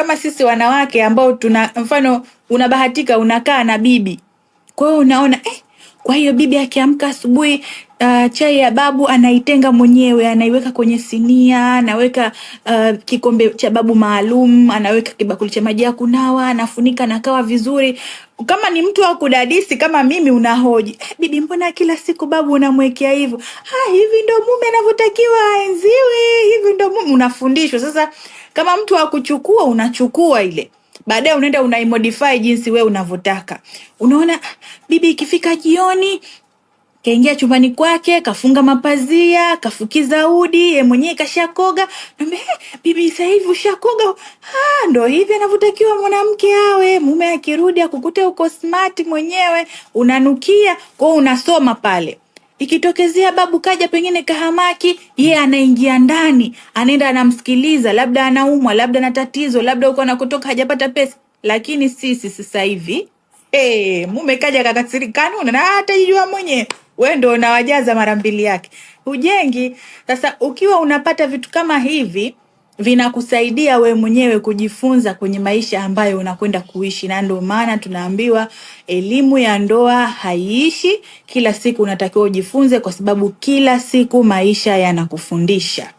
kama sisi wanawake ambao tuna mfano, unabahatika unakaa na bibi, kwa hiyo unaona eh, kwa hiyo bibi akiamka asubuhi Uh, chai ya babu anaitenga mwenyewe, anaiweka kwenye sinia, anaweka uh, kikombe cha babu maalum, anaweka kibakuli cha maji ya kunawa, anafunika nakawa vizuri. Kama ni mtu wa kudadisi kama mimi, unahoji eh, bibi, mbona kila siku babu unamwekea hivyo? Ah, hivi ndo mume anavyotakiwa aenziwe, hivi ndo mume. Unafundishwa sasa. Kama mtu wa kuchukua, unachukua ile baadaye unaenda unaimodify jinsi we unavyotaka. Unaona bibi ikifika jioni kaingia chumbani kwake kafunga mapazia kafukiza udi, ye mwenyewe kashakoga. Niambia hey, eh, bibi sahivi ushakoga? Ah, ndo hivi anavyotakiwa mwanamke awe. Mume akirudi akukute uko smart mwenyewe, unanukia kwao, unasoma pale ikitokezea babu kaja pengine kahamaki, yeye anaingia ndani, anaenda anamsikiliza, labda anaumwa, labda na tatizo, labda uko anakotoka hajapata pesa. Lakini sisi sasa hivi hey, eh, mume kaja kakasiri kanuna na hatajijua ah, mwenye wewe ndio unawajaza mara mbili yake, hujengi. Sasa ukiwa unapata vitu kama hivi vinakusaidia we mwenyewe kujifunza kwenye maisha ambayo unakwenda kuishi, na ndio maana tunaambiwa elimu ya ndoa haiishi. Kila siku unatakiwa ujifunze, kwa sababu kila siku maisha yanakufundisha.